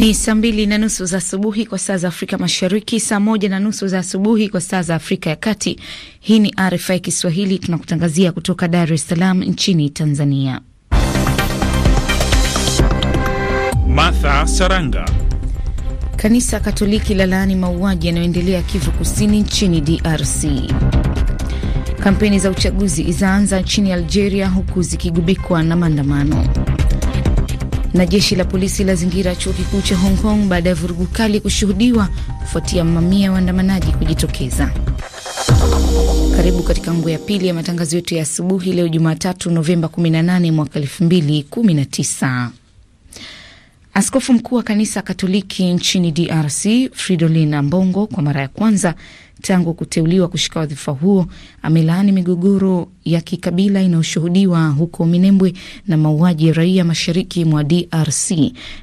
Ni saa mbili na nusu za asubuhi kwa saa za Afrika Mashariki, saa moja na nusu za asubuhi kwa saa za Afrika ya Kati. Hii ni RFI Kiswahili, tunakutangazia kutoka Dar es Salaam nchini Tanzania. Martha Saranga. Kanisa Katoliki la laani mauaji yanayoendelea Kivu Kusini nchini DRC. Kampeni za uchaguzi zaanza nchini Algeria, huku zikigubikwa na maandamano. Na jeshi la polisi la zingira chuo kikuu cha Hong Kong baada ya vurugu kali kushuhudiwa kufuatia mamia ya waandamanaji kujitokeza. Karibu katika nguo ya pili ya matangazo yetu ya asubuhi leo Jumatatu, Novemba 18 mwaka 2019. Askofu mkuu wa kanisa Katoliki nchini DRC Fridolin Ambongo kwa mara ya kwanza tangu kuteuliwa kushika wadhifa huo amelaani migogoro ya kikabila inayoshuhudiwa huko Minembwe na mauaji ya raia mashariki mwa DRC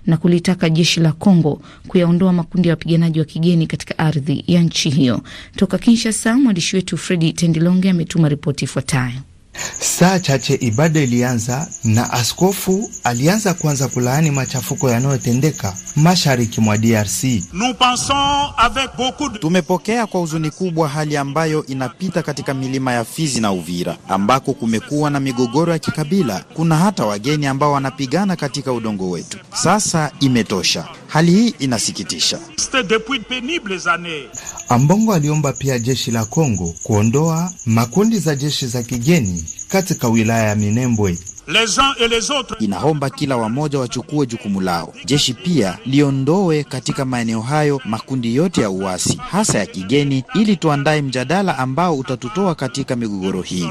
na kulitaka jeshi la congo kuyaondoa makundi ya wapiganaji wa kigeni katika ardhi ya nchi hiyo. Toka Kinshasa, mwandishi wetu Fredi Tendilonge ametuma ripoti ifuatayo. Saa chache ibada ilianza na askofu alianza kuanza kulaani machafuko yanayotendeka mashariki mwa DRC. Tumepokea kwa huzuni kubwa hali ambayo inapita katika milima ya Fizi na Uvira ambako kumekuwa na migogoro ya kikabila. Kuna hata wageni ambao wanapigana katika udongo wetu. Sasa imetosha. Hali hii inasikitisha. Ambongo aliomba pia jeshi la Kongo kuondoa makundi za jeshi za kigeni katika wilaya ya Minembwe. Inaomba kila wamoja wachukue jukumu lao. Jeshi pia liondoe katika maeneo hayo makundi yote ya uasi, hasa ya kigeni, ili tuandaye mjadala ambao utatutoa katika migogoro hii.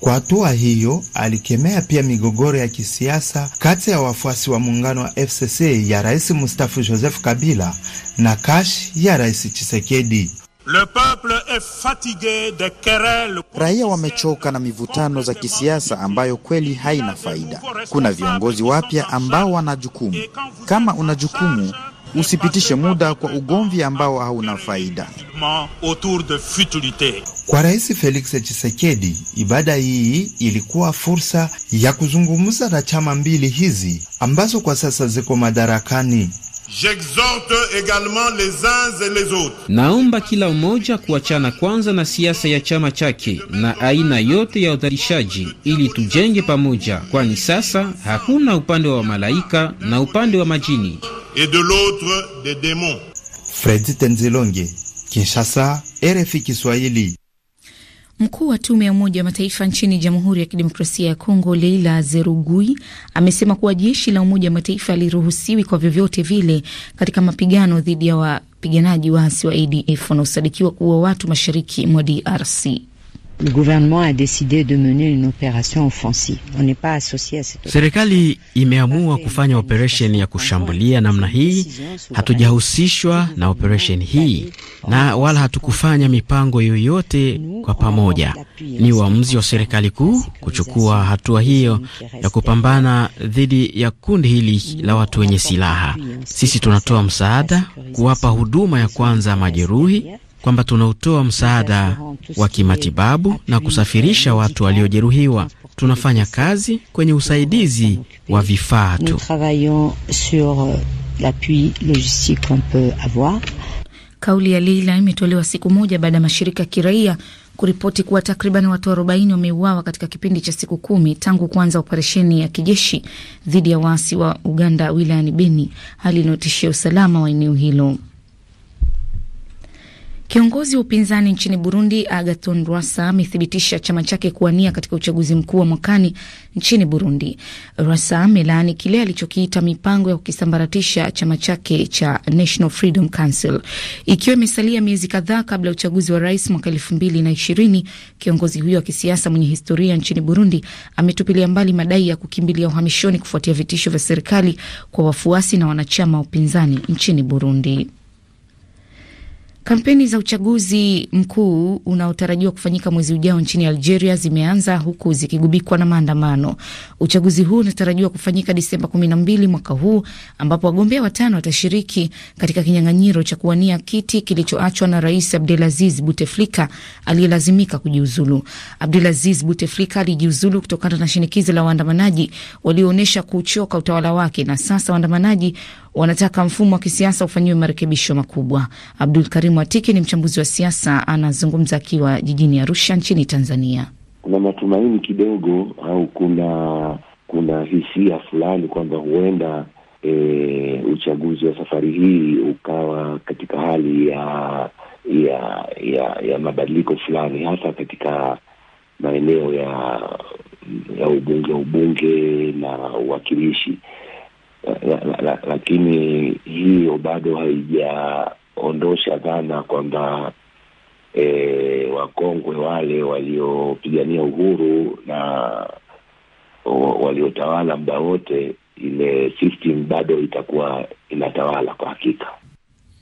Kwa hatua hiyo, alikemea pia migogoro ya kisiasa kati ya wafuasi wa muungano wa FCC ya rais mustafu Joseph Kabila na Kash ya rais Chisekedi. Le peuple est de Raia wamechoka na mivutano za kisiasa ambayo kweli haina faida. Kuna viongozi wapya ambao wana jukumu. Kama una jukumu usipitishe muda kwa ugomvi ambao hauna faida. Kwa Rais Felix Tshisekedi, ibada hii ilikuwa fursa ya kuzungumza na chama mbili hizi ambazo kwa sasa ziko madarakani. Naomba kila mmoja kuachana kwanza na siasa ya chama chake na aina yote ya udharishaji ili tujenge pamoja, kwani sasa hakuna upande wa malaika na upande wa majini et de l'autre des démons. Fredi Tenzilonge, Kinshasa, RFI Kiswahili. Mkuu wa tume ya Umoja wa Mataifa nchini Jamhuri ya Kidemokrasia ya Kongo, Leila Zerugui, amesema kuwa jeshi la Umoja wa Mataifa liruhusiwi kwa vyovyote vile katika mapigano dhidi ya wapiganaji waasi wa ADF wanaosadikiwa kuwa watu mashariki mwa DRC. Le gouvernement a décidé de mener une opération offensive. On n'est pas associé à cette serikali imeamua kufanya operesheni ya kushambulia namna hii. Hatujahusishwa na operesheni hii na wala hatukufanya mipango yoyote kwa pamoja. Ni uamuzi wa serikali kuu kuchukua hatua hiyo ya kupambana dhidi ya kundi hili la watu wenye silaha. Sisi tunatoa msaada, kuwapa huduma ya kwanza majeruhi kwamba tunautoa msaada wa kimatibabu na kusafirisha watu waliojeruhiwa. Tunafanya kazi kwenye usaidizi wa vifaa tu. Euh, Kauli ya Leila imetolewa siku moja baada ya mashirika ya kiraia kuripoti kuwa takriban watu 40 wameuawa katika kipindi cha siku kumi tangu kuanza operesheni ya kijeshi dhidi ya waasi wa Uganda wilayani Beni, hali inayotishia usalama wa eneo hilo. Kiongozi wa upinzani nchini Burundi Agathon Rwasa amethibitisha chama chake kuwania katika uchaguzi mkuu wa mwakani nchini Burundi. Rwasa amelaani kile alichokiita mipango ya kukisambaratisha chama chake cha National Freedom Council. Ikiwa imesalia miezi kadhaa kabla ya uchaguzi wa rais mwaka elfu mbili na ishirini, kiongozi huyo wa kisiasa mwenye historia nchini Burundi ametupilia mbali madai ya kukimbilia uhamishoni kufuatia vitisho vya serikali kwa wafuasi na wanachama wa upinzani nchini Burundi. Kampeni za uchaguzi mkuu unaotarajiwa kufanyika mwezi ujao nchini Algeria zimeanza huku zikigubikwa na maandamano. Uchaguzi huu unatarajiwa kufanyika Disemba 12 mwaka huu, ambapo wagombea watano watashiriki katika kinyang'anyiro cha kuwania kiti kilichoachwa na Rais Abdelaziz Buteflika aliyelazimika kujiuzulu. Abdelaziz Buteflika alijiuzulu kutokana na shinikizo la waandamanaji walioonyesha kuchoka utawala wake, na sasa waandamanaji wanataka mfumo wa kisiasa ufanyiwe marekebisho makubwa. Abdul Karimu Atiki ni mchambuzi wa siasa, anazungumza akiwa jijini Arusha nchini Tanzania. Kuna matumaini kidogo au kuna kuna hisia fulani kwamba huenda e, uchaguzi wa safari hii ukawa katika hali ya ya ya, ya mabadiliko fulani, hasa katika maeneo ya ya ubunge ubunge na uwakilishi la, la, la, lakini hiyo bado haijaondosha dhana kwamba e, wakongwe wale waliopigania uhuru na waliotawala muda wote, ile system bado itakuwa inatawala kwa hakika.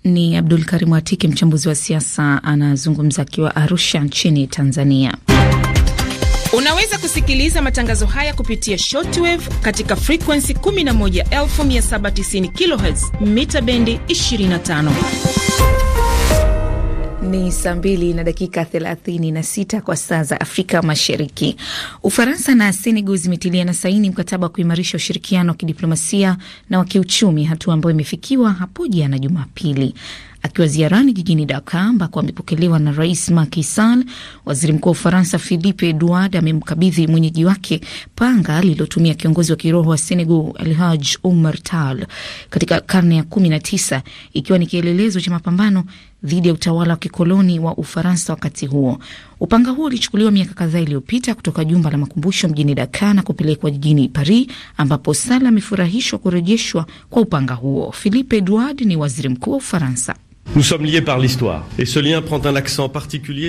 Ni Abdul karimu Atiki, mchambuzi wa siasa, anazungumza akiwa Arusha nchini Tanzania. Unaweza kusikiliza matangazo haya kupitia shortwave katika frequency 11790 kHz mita bendi 25. Ni saa mbili na dakika 36 kwa saa za Afrika Mashariki. Ufaransa na Senegal na saini mkataba wa kuimarisha ushirikiano wa kidiplomasia na wa kiuchumi, hatua ambayo imefikiwa hapo jana Jumapili akiwa ziarani jijini Daka ambako amepokelewa na Rais Macky Sall. Waziri Mkuu wa Ufaransa Philippe Edouard amemkabidhi mwenyeji wake panga lililotumia kiongozi wa kiroho wa Senegal Alhaj Omar Tal katika karne ya kumi na tisa ikiwa ni kielelezo cha mapambano dhidi ya utawala wa kikoloni wa Ufaransa wakati huo. Upanga huo ulichukuliwa miaka kadhaa iliyopita kutoka jumba la makumbusho mjini Dakar na kupelekwa jijini Paris, ambapo Sala amefurahishwa kurejeshwa kwa upanga huo. Philippe Edouard ni waziri mkuu wa Ufaransa.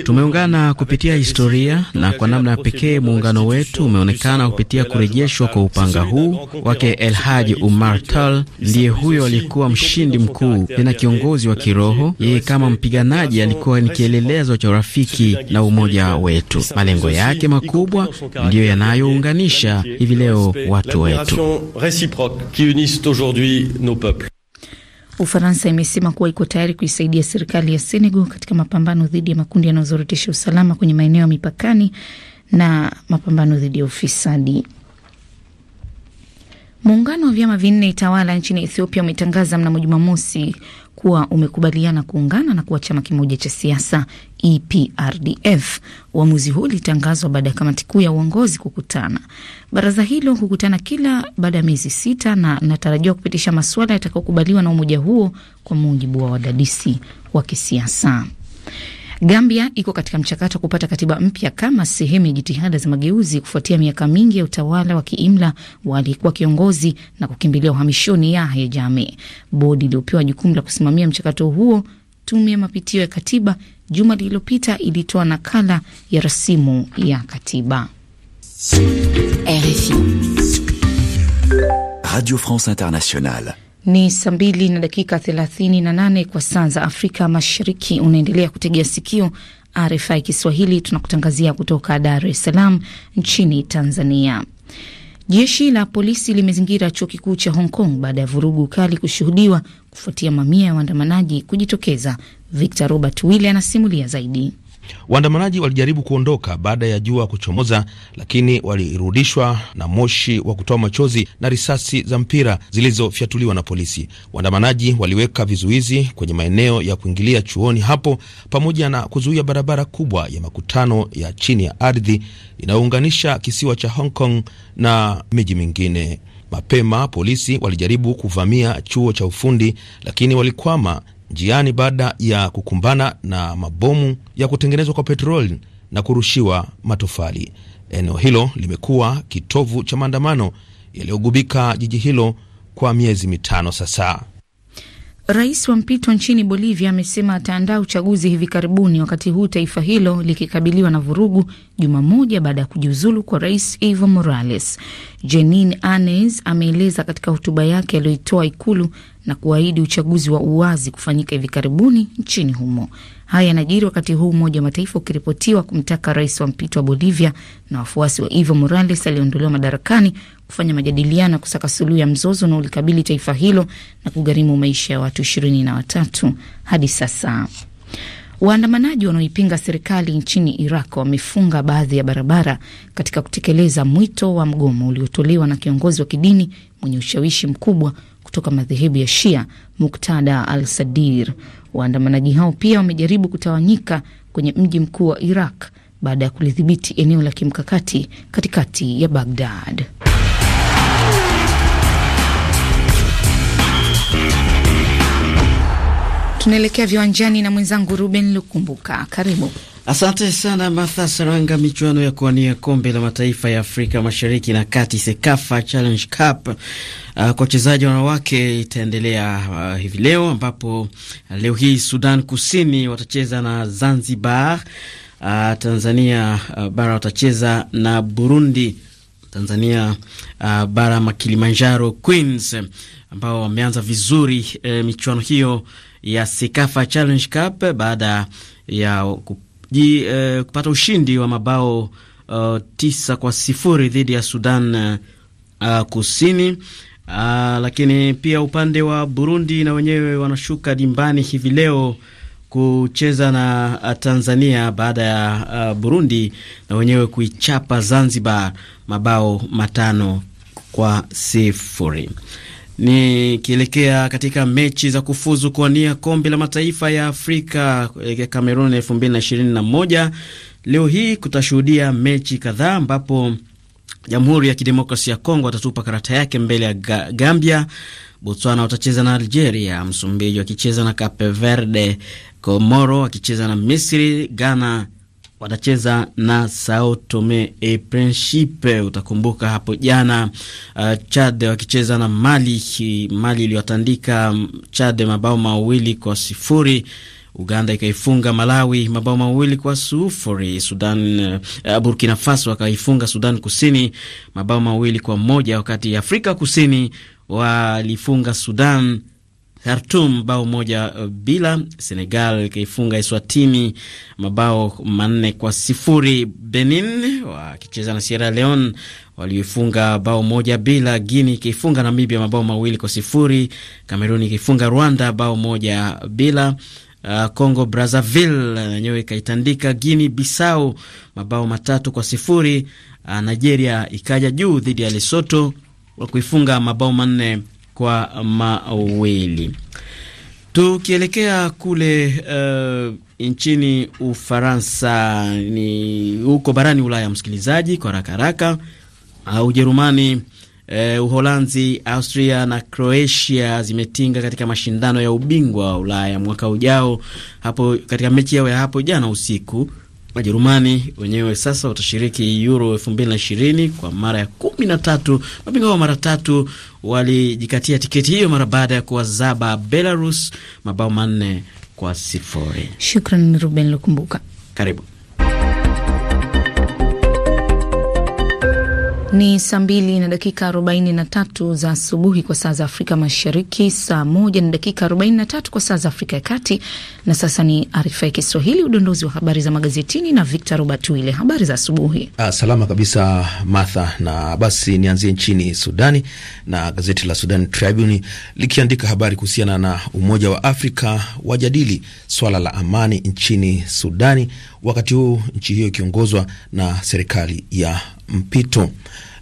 Tumeungana kupitia historia na kwa namna ya pekee muungano wetu umeonekana kupitia kurejeshwa kwa upanga huu wake El Haji Umar Tal. Ndiye huyo alikuwa mshindi mkuu, tena kiongozi wa kiroho. Yeye kama mpiganaji alikuwa ni kielelezo cha urafiki na umoja wetu. Malengo yake makubwa ndiyo yanayounganisha hivi leo watu wetu. Ufaransa imesema kuwa iko tayari kuisaidia serikali ya Senegal katika mapambano dhidi ya makundi yanayozorotesha usalama kwenye maeneo ya mipakani na mapambano dhidi ya ufisadi. Muungano wa vyama vinne tawala nchini Ethiopia umetangaza mnamo Jumamosi kuwa umekubaliana kuungana na kuwa chama kimoja cha siasa EPRDF. Uamuzi huu ulitangazwa baada ya kamati kuu ya uongozi kukutana. Baraza hilo hukutana kila baada ya miezi sita na inatarajiwa kupitisha masuala yatakayokubaliwa na umoja huo kwa mujibu wa wadadisi wa kisiasa. Gambia iko katika mchakato wa kupata katiba mpya kama sehemu ya jitihada za mageuzi kufuatia miaka mingi ya utawala wa kiimla wa aliyekuwa kiongozi na kukimbilia uhamishoni Yahya Jammeh. Bodi iliyopewa jukumu la kusimamia mchakato huo, tume ya mapitio ya katiba, juma lililopita ilitoa nakala ya rasimu ya katiba. RFI Radio France Internationale ni saa mbili na dakika 38 kwa saa za Afrika Mashariki. Unaendelea kutegea sikio RFI Kiswahili, tunakutangazia kutoka Dar es Salaam nchini Tanzania. Jeshi la polisi limezingira chuo kikuu cha Hong Kong baada ya vurugu kali kushuhudiwa kufuatia mamia ya waandamanaji kujitokeza. Victor Robert Wille anasimulia zaidi. Waandamanaji walijaribu kuondoka baada ya jua kuchomoza, lakini walirudishwa na moshi wa kutoa machozi na risasi za mpira zilizofyatuliwa na polisi. Waandamanaji waliweka vizuizi kwenye maeneo ya kuingilia chuoni hapo, pamoja na kuzuia barabara kubwa ya makutano ya chini ya ardhi inayounganisha kisiwa cha Hong Kong na miji mingine. Mapema polisi walijaribu kuvamia chuo cha ufundi lakini walikwama njiani baada ya kukumbana na mabomu ya kutengenezwa kwa petroli na kurushiwa matofali. Eneo hilo limekuwa kitovu cha maandamano yaliyogubika jiji hilo kwa miezi mitano sasa. Rais wa mpito nchini Bolivia amesema ataandaa uchaguzi hivi karibuni, wakati huu taifa hilo likikabiliwa na vurugu, juma moja baada ya kujiuzulu kwa rais Evo Morales. Jeanine Anez ameeleza katika hotuba yake aliyoitoa Ikulu na kuahidi uchaguzi wa uwazi kufanyika hivi karibuni nchini humo. Haya yanajiri wakati huu Umoja wa Mataifa ukiripotiwa kumtaka rais wa mpito wa Bolivia na wafuasi wa Evo Morales aliyeondolewa madarakani kufanya majadiliano ya kusaka suluhu ya mzozo unaolikabili taifa hilo na kugharimu maisha ya watu ishirini na watatu hadi sasa. Waandamanaji wanaoipinga serikali nchini Iraq wamefunga baadhi ya barabara katika kutekeleza mwito wa mgomo uliotolewa na kiongozi wa kidini mwenye ushawishi mkubwa kutoka madhehebu ya Shia Muktada al Sadir. Waandamanaji hao pia wamejaribu kutawanyika kwenye mji mkuu wa Iraq baada ya kulidhibiti eneo la kimkakati katikati ya Bagdad. Tunaelekea viwanjani na mwenzangu Ruben Lukumbuka, karibu. Asante sana Martha Saranga. Michuano ya kuwania kombe la mataifa ya Afrika mashariki na kati, Sekafa Challenge Cup, uh, kwa wachezaji wanawake itaendelea uh, hivi leo, ambapo uh, leo hii Sudan Kusini watacheza na Zanzibar. Uh, Tanzania uh, bara watacheza na Burundi. Tanzania uh, bara Makilimanjaro Queens ambao wameanza vizuri uh, michuano hiyo ya Sekafa Challenge Cup baada ya kupa ji, eh, kupata ushindi wa mabao uh, tisa kwa sifuri dhidi ya Sudan uh, Kusini. Uh, lakini pia upande wa Burundi na wenyewe wanashuka dimbani hivi leo kucheza na eh, Tanzania baada ya uh, Burundi na wenyewe kuichapa Zanzibar mabao matano kwa sifuri. Nikielekea katika mechi za kufuzu kuwania kombe la mataifa ya Afrika ya eh, Cameroon 2021 leo hii kutashuhudia mechi kadhaa ambapo Jamhuri ya Kidemokrasia ya Kongo watatupa karata yake mbele ya Gambia. Botswana watacheza na Algeria, Msumbiji wakicheza na Cape Verde, Komoro wakicheza na Misri, Ghana watacheza na Sao Tome e Principe. Utakumbuka hapo jana uh, Chad wakicheza na Mali, Mali iliyotandika mm, Chad mabao mawili kwa sifuri. Uganda ikaifunga Malawi mabao mawili kwa sufuri. Sudan, uh, Burkina Faso wakaifunga Sudan Kusini mabao mawili kwa moja, wakati Afrika Kusini walifunga Sudan Khartum bao moja uh, bila. Senegal ikaifunga Eswatini mabao manne kwa sifuri. Benin wakicheza na Sierra Leone walioifunga bao moja bila. Guini ikiifunga Namibia mabao mawili kwa sifuri. Kameruni ikiifunga Rwanda bao moja bila. Uh, Congo uh, Brazzaville yenyewe ikaitandika Guini Bissau mabao matatu kwa sifuri. Uh, Nigeria ikaja juu dhidi ya Lesoto wa kuifunga mabao manne kwa mawili. Tukielekea kule uh, nchini Ufaransa ni huko barani Ulaya, msikilizaji, kwa haraka haraka, uh, Ujerumani uh, Uholanzi, Austria na Croatia zimetinga katika mashindano ya ubingwa wa Ulaya mwaka ujao, hapo katika mechi yao ya hapo jana usiku. Wajerumani wenyewe sasa watashiriki Euro 2020 kwa mara ya kumi na tatu, mabingwa wa mara tatu walijikatia tiketi hiyo mara baada ya kuwazaba Belarus mabao manne kwa sifuri. Shukran Ruben Lukumbuka, karibu. Ni saa mbili na dakika arobaini na tatu za asubuhi kwa saa za Afrika Mashariki, saa moja na dakika arobaini na tatu kwa saa za Afrika ya Kati. Na sasa ni arifa ya Kiswahili, udondozi wa habari za magazetini na Victor Robert Wile. Habari za asubuhi. Ah, salama kabisa Martha, na basi nianzie nchini Sudani na gazeti la Sudan Tribune likiandika habari kuhusiana na Umoja wa Afrika wajadili swala la amani nchini Sudani wakati huu nchi hiyo ikiongozwa na serikali ya mpito.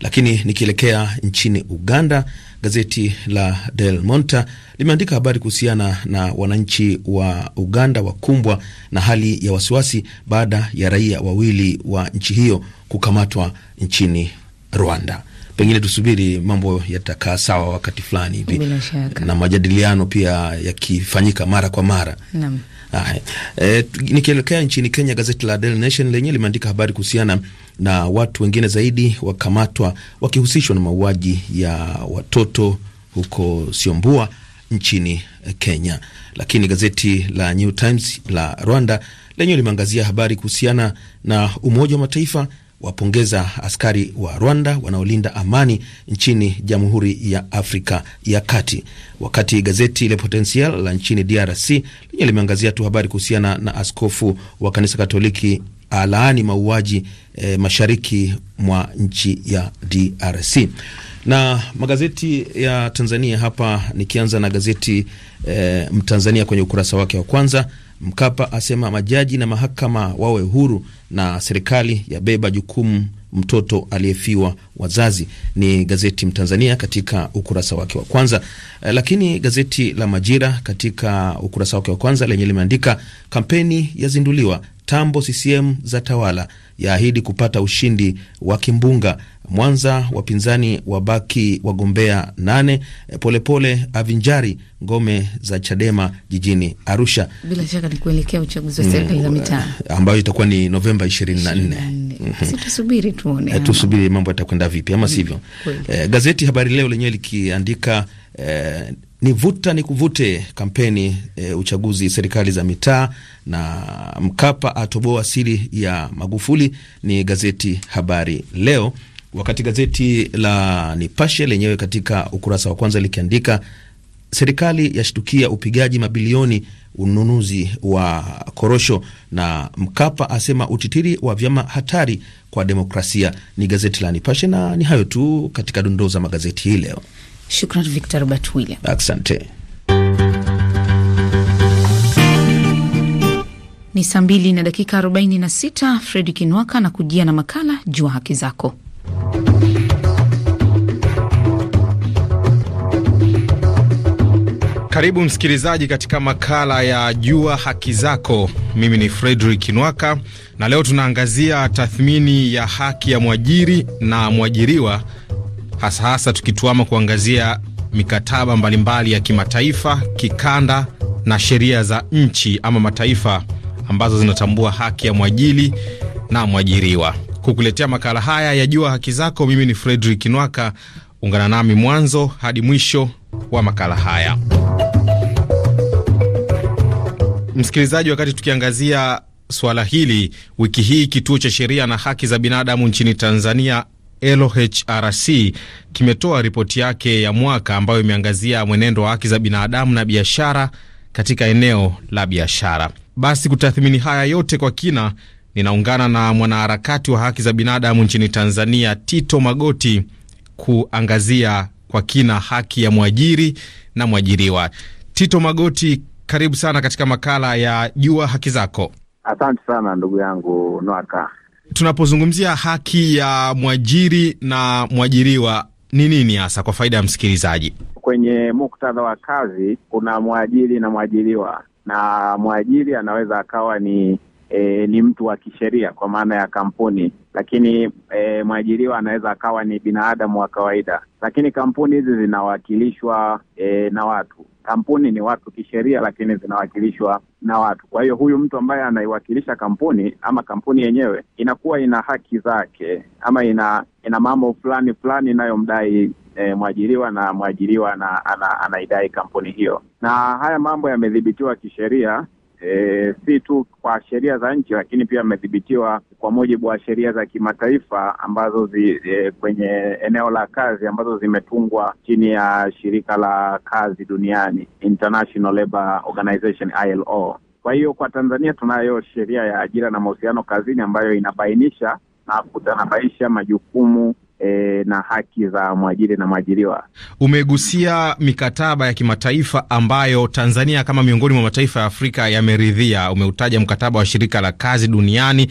Lakini nikielekea nchini Uganda, gazeti la Del Monta limeandika habari kuhusiana na wananchi wa Uganda wakumbwa na hali ya wasiwasi baada ya raia wawili wa nchi hiyo kukamatwa nchini Rwanda pengine tusubiri mambo yatakaa sawa wakati fulani hivi, na majadiliano pia yakifanyika mara kwa mara. E, nikielekea nchini Kenya, gazeti la Daily Nation lenyewe limeandika habari kuhusiana na watu wengine zaidi wakamatwa wakihusishwa na mauaji ya watoto huko Siombua nchini Kenya. Lakini gazeti la New Times la Rwanda lenyewe limeangazia habari kuhusiana na Umoja wa Mataifa wapongeza askari wa Rwanda wanaolinda amani nchini Jamhuri ya Afrika ya Kati, wakati gazeti Le Potentiel la nchini DRC lenye limeangazia tu habari kuhusiana na askofu wa kanisa Katoliki alaani mauaji e, mashariki mwa nchi ya DRC na magazeti ya Tanzania hapa, nikianza na gazeti e, Mtanzania kwenye ukurasa wake wa kwanza Mkapa asema majaji na mahakama wawe huru na serikali yabeba jukumu mtoto aliyefiwa wazazi. Ni gazeti Mtanzania katika ukurasa wake wa kwanza. Eh, lakini gazeti la Majira katika ukurasa wake wa kwanza lenye limeandika kampeni yazinduliwa, tambo CCM za tawala, yaahidi kupata ushindi wa kimbunga. Mwanza wapinzani wabaki wagombea nane. Polepole pole avinjari ngome za Chadema jijini Arusha, bila shaka ni kuelekea uchaguzi wa serikali za mm, mitaa ambayo itakuwa ni Novemba 24. Mhm. Si tusubiri tuone, e, tusubiri mambo yatakwenda vipi ama mm. sivyo? Eh, gazeti Habari Leo lenyewe likiandika eh, ni vuta ni kuvute kampeni e, uchaguzi serikali za mitaa na Mkapa atoboa siri ya Magufuli, ni gazeti Habari Leo. Wakati gazeti la Nipashe lenyewe katika ukurasa wa kwanza likiandika serikali yashtukia upigaji mabilioni ununuzi wa korosho, na Mkapa asema utitiri wa vyama hatari kwa demokrasia, ni gazeti la Nipashe na ni hayo tu katika dondoo za magazeti hii leo. Shukran Victor Robert William, asante. Ni saa mbili na dakika 46. Fredi Kinwaka na kujia na makala Jua Haki Zako. Karibu msikilizaji katika makala ya Jua Haki Zako. Mimi ni Fredrik Kinwaka na leo tunaangazia tathmini ya haki ya mwajiri na mwajiriwa hasa hasa tukituama kuangazia mikataba mbalimbali ya kimataifa, kikanda na sheria za nchi ama mataifa ambazo zinatambua haki ya mwajili na mwajiriwa. Kukuletea makala haya ya Jua Haki Zako, mimi ni Fredrik Nwaka. Ungana nami mwanzo hadi mwisho wa makala haya, msikilizaji. Wakati tukiangazia suala hili wiki hii, kituo cha sheria na haki za binadamu nchini Tanzania LOHRC kimetoa ripoti yake ya mwaka ambayo imeangazia mwenendo wa haki za binadamu na biashara katika eneo la biashara. Basi kutathmini haya yote kwa kina, ninaungana na mwanaharakati wa haki za binadamu nchini Tanzania, Tito Magoti, kuangazia kwa kina haki ya mwajiri na mwajiriwa. Tito Magoti, karibu sana katika makala ya Jua Haki Zako. Asante sana ndugu yangu Nwaka tunapozungumzia haki ya mwajiri na mwajiriwa ni nini hasa, kwa faida ya msikilizaji? Kwenye muktadha wa kazi kuna mwajiri na mwajiriwa, na mwajiri anaweza akawa ni E, ni mtu wa kisheria kwa maana ya kampuni, lakini e, mwajiriwa anaweza akawa ni binadamu wa kawaida, lakini kampuni hizi zinawakilishwa e, na watu kampuni ni watu kisheria, lakini zinawakilishwa na watu. Kwa hiyo huyu mtu ambaye anaiwakilisha kampuni ama kampuni yenyewe inakuwa ina haki zake ama ina ina mambo fulani fulani inayomdai E, mwajiriwa na mwajiriwa na, ana, anaidai kampuni hiyo, na haya mambo yamedhibitiwa kisheria e, si tu kwa sheria za nchi, lakini pia amedhibitiwa kwa mujibu wa sheria za kimataifa ambazo zi, e, kwenye eneo la kazi ambazo zimetungwa chini ya shirika la kazi duniani International Organization ILO. Kwa hiyo kwa Tanzania tunayo sheria ya ajira na mahusiano kazini ambayo inabainisha na kutanabaisha majukumu e, na haki za mwajiri na mwajiriwa. Umegusia mikataba ya kimataifa ambayo Tanzania kama miongoni mwa mataifa ya Afrika yameridhia. Umeutaja mkataba wa shirika la kazi duniani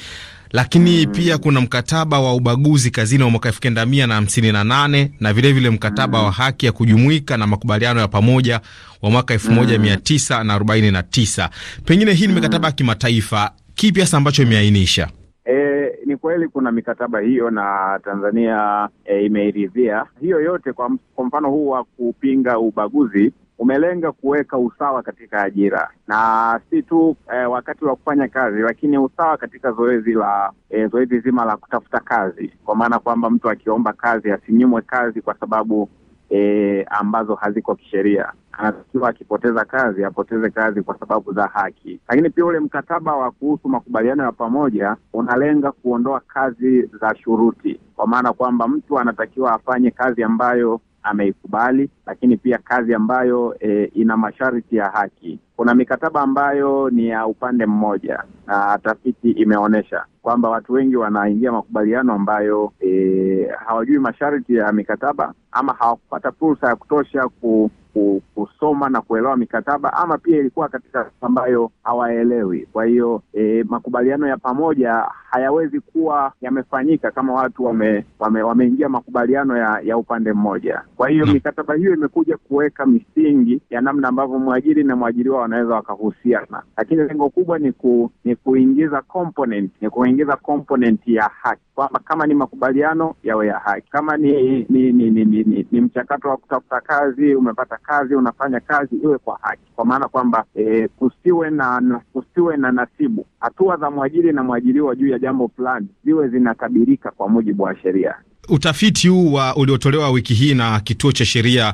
lakini mm. pia kuna mkataba wa ubaguzi kazini wa mwaka elfu kenda mia na hamsini na nane na vilevile vile mkataba mm. wa haki ya kujumuika na makubaliano ya pamoja wa mwaka elfu moja mm. mia tisa na arobaini na tisa. Pengine hii ni mikataba ya kimataifa, kipi hasa ambacho imeainisha? E, ni kweli kuna mikataba hiyo na Tanzania e, imeiridhia hiyo yote. Kwa, kwa mfano huu wa kupinga ubaguzi umelenga kuweka usawa katika ajira na si tu e, wakati wa kufanya kazi, lakini usawa katika zoezi la e, zoezi zima la kutafuta kazi, kwa maana kwamba mtu akiomba kazi asinyimwe kazi kwa sababu e, ambazo haziko kisheria. Anatakiwa akipoteza kazi apoteze kazi kwa sababu za haki. Lakini pia ule mkataba wa kuhusu makubaliano ya pamoja unalenga kuondoa kazi za shuruti, kwa maana kwamba mtu anatakiwa afanye kazi ambayo ameikubali, lakini pia kazi ambayo e, ina masharti ya haki kuna mikataba ambayo ni ya upande mmoja, na tafiti imeonyesha kwamba watu wengi wanaingia makubaliano ambayo e, hawajui masharti ya mikataba ama hawakupata fursa ya kutosha ku, ku, kusoma na kuelewa mikataba, ama pia ilikuwa katika ambayo hawaelewi. Kwa hiyo e, makubaliano ya pamoja hayawezi kuwa yamefanyika kama watu wame, wame, wameingia makubaliano ya, ya upande mmoja. Kwa hiyo hmm. mikataba hiyo imekuja kuweka misingi ya namna ambavyo mwajiri na mwajiriwa wanaweza wakahusiana, lakini lengo kubwa ni ku, ni kuingiza component, ni kuingiza component ya haki kwamba kama ni makubaliano yawe ya haki, kama ni ni ni, ni, ni, ni, ni mchakato wa kutafuta kazi, umepata kazi, unafanya kazi iwe kwa haki, kwa maana kwamba e, kusiwe na, kusiwe na nasibu. Hatua za mwajiri na mwajiriwa juu ya jambo fulani ziwe zinatabirika kwa mujibu wa sheria. Utafiti huu uliotolewa wiki hii na kituo cha sheria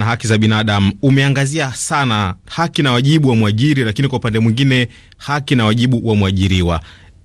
na haki za binadamu umeangazia sana haki na wajibu wa mwajiri, lakini kwa upande mwingine haki na wajibu wa mwajiriwa.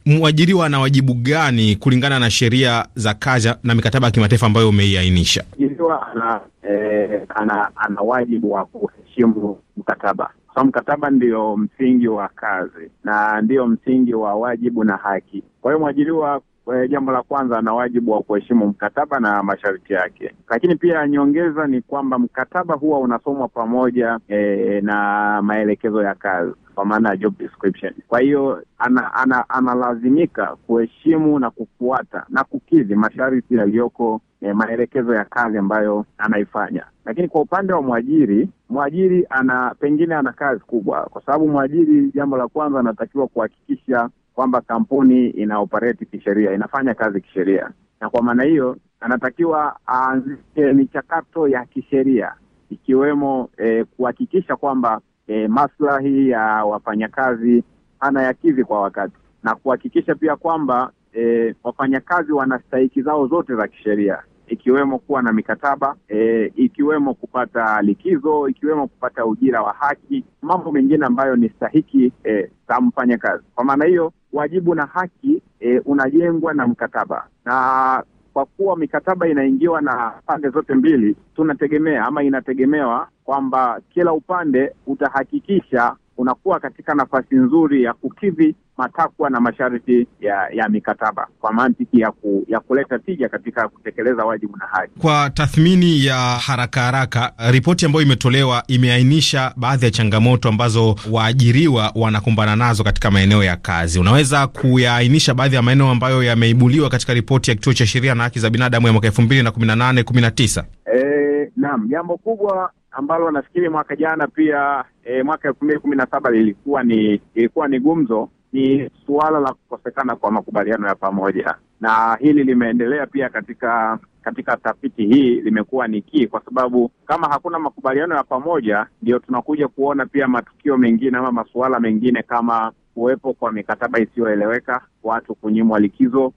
Mwajiriwa ana wajibu gani kulingana na sheria za kazi na mikataba ya kimataifa ambayo umeiainisha? Mwajiriwa ana, eh, ana, ana wajibu wa kuheshimu mkataba kwa so, mkataba ndio msingi wa kazi na ndio msingi wa wajibu na haki. Kwa hiyo mwajiriwa Eh, jambo la kwanza ana wajibu wa kuheshimu mkataba na masharti yake, lakini pia nyongeza ni kwamba mkataba huwa unasomwa pamoja e, na maelekezo ya kazi kwa maana ya job description. Kwa hiyo analazimika ana, ana kuheshimu na kufuata na kukidhi masharti yaliyoko e, maelekezo ya kazi ambayo anaifanya. Lakini kwa upande wa mwajiri, mwajiri ana pengine ana kazi kubwa, kwa sababu mwajiri, jambo la kwanza, anatakiwa kuhakikisha kwamba kampuni ina operate kisheria, inafanya kazi kisheria, na kwa maana hiyo anatakiwa aanzishe michakato ya kisheria ikiwemo eh, kuhakikisha kwamba eh, maslahi ya wafanyakazi kizi kwa wakati na kuhakikisha pia kwamba eh, wafanyakazi wana stahiki zao zote za kisheria ikiwemo kuwa na mikataba e, ikiwemo kupata likizo, ikiwemo kupata ujira wa haki, mambo mengine ambayo ni stahiki e, za mfanyakazi. Kwa maana hiyo, wajibu na haki e, unajengwa na mkataba na kwa kuwa mikataba inaingiwa na pande zote mbili, tunategemea ama inategemewa kwamba kila upande utahakikisha unakuwa katika nafasi nzuri ya kukidhi matakwa na masharti ya, ya mikataba kwa mantiki ya, ku, ya kuleta tija katika kutekeleza wajibu na haki. Kwa tathmini ya haraka haraka, ripoti ambayo imetolewa imeainisha baadhi ya changamoto ambazo waajiriwa wanakumbana nazo katika maeneo ya kazi. Unaweza kuyaainisha baadhi ya maeneo ambayo yameibuliwa katika ripoti ya Kituo cha Sheria na Haki za Binadamu ya mwaka elfu mbili na kumi na nane kumi na tisa? Eh, naam, jambo kubwa ambalo nafikiri mwaka jana pia e, mwaka elfu mbili kumi na saba lilikuwa ni ilikuwa ni gumzo ni suala la kukosekana kwa makubaliano ya pamoja, na hili limeendelea pia katika katika tafiti hii, limekuwa ni kii, kwa sababu kama hakuna makubaliano ya pamoja, ndio tunakuja kuona pia matukio mengine ama masuala mengine kama kuwepo kwa mikataba isiyoeleweka, watu kunyimwa likizo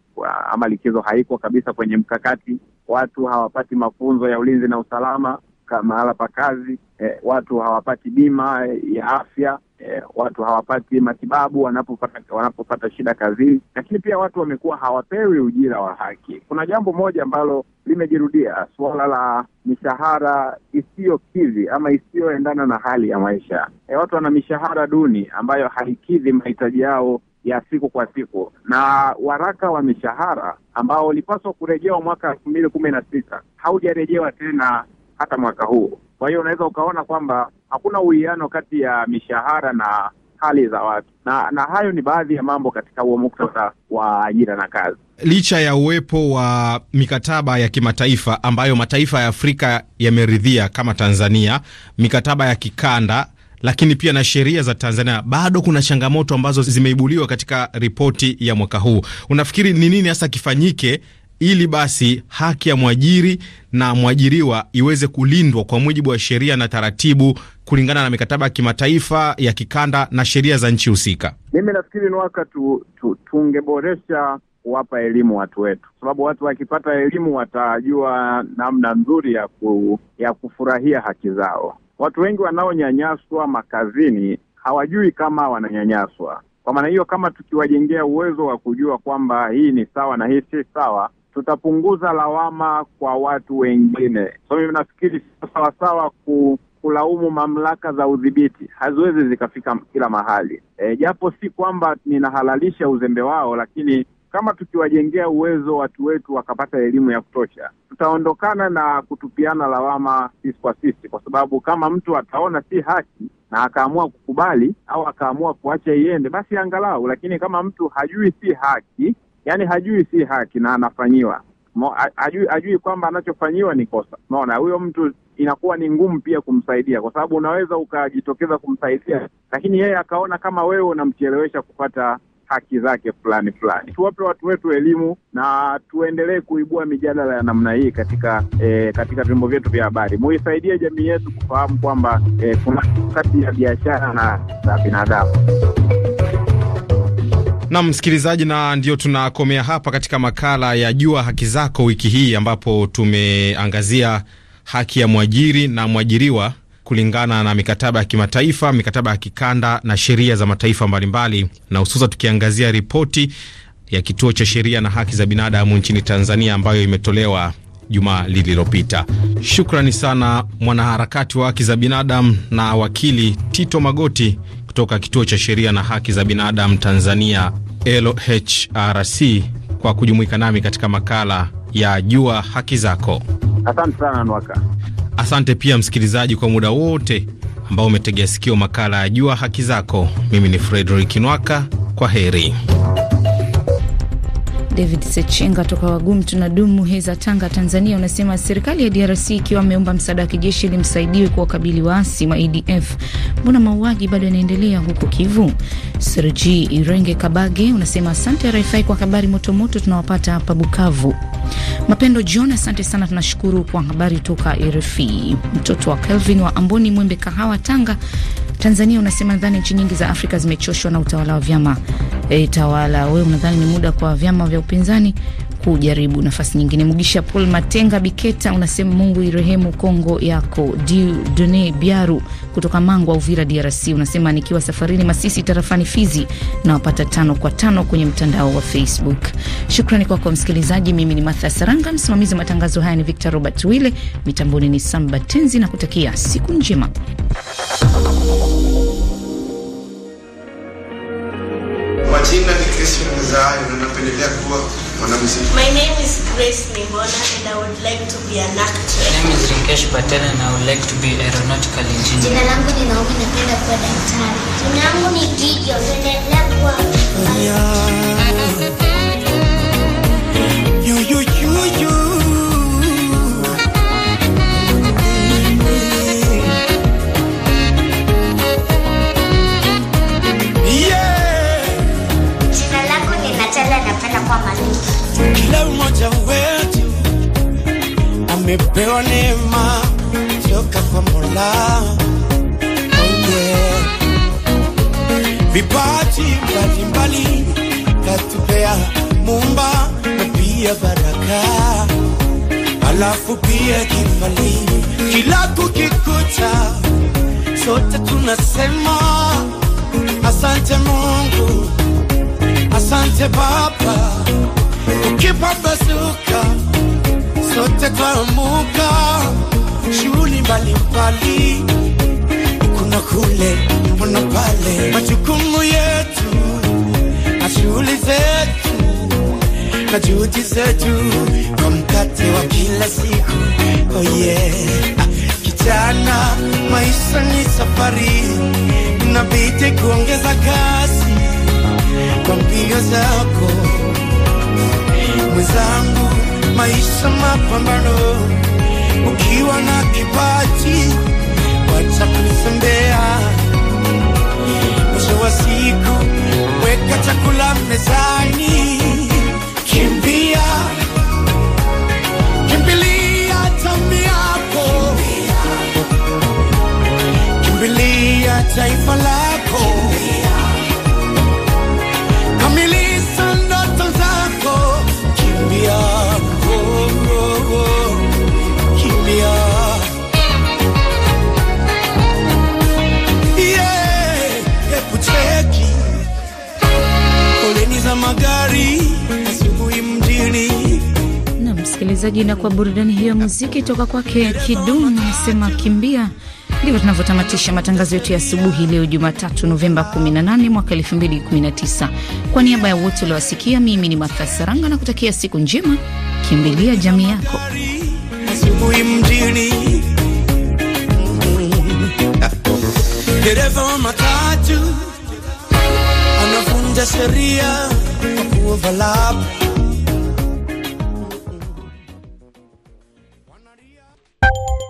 ama likizo haiko kabisa kwenye mkakati, watu hawapati mafunzo ya ulinzi na usalama, mahala pa kazi eh, watu hawapati bima eh, ya afya eh, watu hawapati matibabu wanapopata wanapopata shida kazini, lakini pia watu wamekuwa hawapewi ujira wa haki. Kuna jambo moja ambalo limejirudia, suala la mishahara isiyokidhi ama isiyoendana na hali ya maisha eh, watu wana mishahara duni ambayo haikidhi mahitaji yao ya siku kwa siku na waraka wa mishahara ambao ulipaswa kurejewa mwaka elfu mbili kumi na sita haujarejewa tena hata mwaka huu. Kwa hiyo unaweza ukaona kwamba hakuna uwiano kati ya mishahara na hali za watu na, na hayo ni baadhi ya mambo katika huo muktadha wa ajira na kazi. Licha ya uwepo wa mikataba ya kimataifa ambayo mataifa ya Afrika yameridhia kama Tanzania, mikataba ya kikanda lakini pia na sheria za Tanzania, bado kuna changamoto ambazo zimeibuliwa katika ripoti ya mwaka huu. Unafikiri ni nini hasa kifanyike ili basi haki ya mwajiri na mwajiriwa iweze kulindwa kwa mujibu wa sheria na taratibu kulingana na mikataba ya kimataifa ya kikanda na sheria za nchi husika. Mimi nafikiri nwaka tu, tu, tungeboresha kuwapa elimu watu wetu, sababu watu wakipata elimu watajua namna nzuri ya, ku, ya kufurahia haki zao. Watu wengi wanaonyanyaswa makazini hawajui kama wananyanyaswa. Kwa maana hiyo, kama tukiwajengea uwezo wa kujua kwamba hii ni sawa na hii si sawa, tutapunguza lawama kwa watu wengine. So mimi nafikiri sio sawasawa ku kulaumu mamlaka za udhibiti, haziwezi zikafika kila mahali. E, japo si kwamba ninahalalisha uzembe wao, lakini kama tukiwajengea uwezo watu wetu wakapata elimu ya kutosha, tutaondokana na kutupiana lawama sisi kwa sisi, kwa sababu kama mtu ataona si haki na akaamua kukubali au akaamua kuacha iende, basi angalau. Lakini kama mtu hajui si haki yani hajui si haki na anafanyiwa hajui, hajui kwamba anachofanyiwa ni kosa. maona huyo mtu inakuwa ni ngumu pia kumsaidia, kwa sababu unaweza ukajitokeza kumsaidia, lakini yeye akaona kama wewe unamchelewesha kupata haki zake fulani fulani. Tuwape watu wetu elimu na tuendelee kuibua mijadala ya namna hii katika e, katika vyombo vyetu vya habari. Muisaidie jamii yetu kufahamu kwamba e, kuna kati ya biashara na za binadamu. Na msikilizaji, na ndio tunakomea hapa katika makala ya Jua Haki Zako wiki hii, ambapo tumeangazia haki ya mwajiri na mwajiriwa kulingana na mikataba ya kimataifa, mikataba ya kikanda na sheria za mataifa mbalimbali, na hususa tukiangazia ripoti ya Kituo cha Sheria na Haki za Binadamu nchini Tanzania ambayo imetolewa juma lililopita. Shukrani sana mwanaharakati wa haki za binadamu na wakili Tito Magoti kutoka kituo cha sheria na haki za binadamu Tanzania LHRC kwa kujumuika nami katika makala ya Jua Haki Zako. Asante sana Nwaka. Asante pia msikilizaji kwa muda wote ambao umetegea sikio makala ya Jua Haki Zako. Mimi ni frederik Nwaka, kwa heri. David Sechenga toka wagumu tunadumu heza Tanga, Tanzania, unasema serikali ya DRC ikiwa ameomba msaada wa kijeshi ili msaidiwe kuwakabili waasi wa ADF, mbona mauaji bado yanaendelea huko Kivu? Sergi Irenge Kabage unasema asante RFI kwa habari motomoto tunawapata hapa Bukavu. Mapendo John, asante sana, tunashukuru kwa habari toka RFI. Mtoto wa Kelvin wa Amboni Mwembe Kahawa, Tanga, Tanzania, unasema nadhani nchi nyingi za Afrika zimechoshwa na utawala wa vyama e, tawala. Wewe unadhani ni muda kwa vyama vya upinzani kujaribu nafasi nyingine. Mugisha Paul Matenga Biketa unasema Mungu irehemu Kongo yako. Diudone Biaru kutoka Mangwa, Uvira, DRC unasema nikiwa safarini Masisi tarafani Fizi na wapata tano kwa tano kwenye mtandao wa Facebook. Shukrani kwako kwa msikilizaji. Mimi ni Martha Saranga, msimamizi wa matangazo haya ni Victor Robert Wile, mitamboni ni Samba Tenzi na kutakia siku njema. Kwa jina ni Kristo Mzayo na napendelea kuwa My name is Grace Nimbona and I would like to be an actor. My name is Rinkesh Patel and I would like to be aeronautical engineer. Jina langu ni Naomi napenda kuwa daktari. Jina langu ni Gideon and I love work. kila mmoja wetu amepewa neema toka kwa Mola. Oh Vipaji mbalimbali katupea mumba na pia baraka, alafu pia kifali kila tukikuta, sote tunasema asante Mungu, asante Baba tutapambazuka, sote twamuka, shughuli mbalimbali, kuna kule, mbona pale, majukumu yetu na shughuli zetu na juhudi zetu kwa mkate wa kila siku. Oh yeah, kijana, maisha ni safari, inabidi kuongeza kasi kwa mbio zako mwenzangu, maisha mapambano, ukiwa na kipaji wacha kusembea. Mwisho wa siku weka chakula mezani, kimbia kimbilia kimbilia taifa lako. msikilizaji, na kwa burudani hiyo muziki toka kwake Kidum anasema kimbia. Ndivyo tunavyotamatisha matangazo yetu ya asubuhi leo Jumatatu, Novemba 18 mwaka 2019. Kwa niaba ya wote uliowasikia, mimi ni Martha Saranga na kutakia siku njema. Kimbilia jamii yako asubuhi mjini. Dereva wa matatu sheria kwa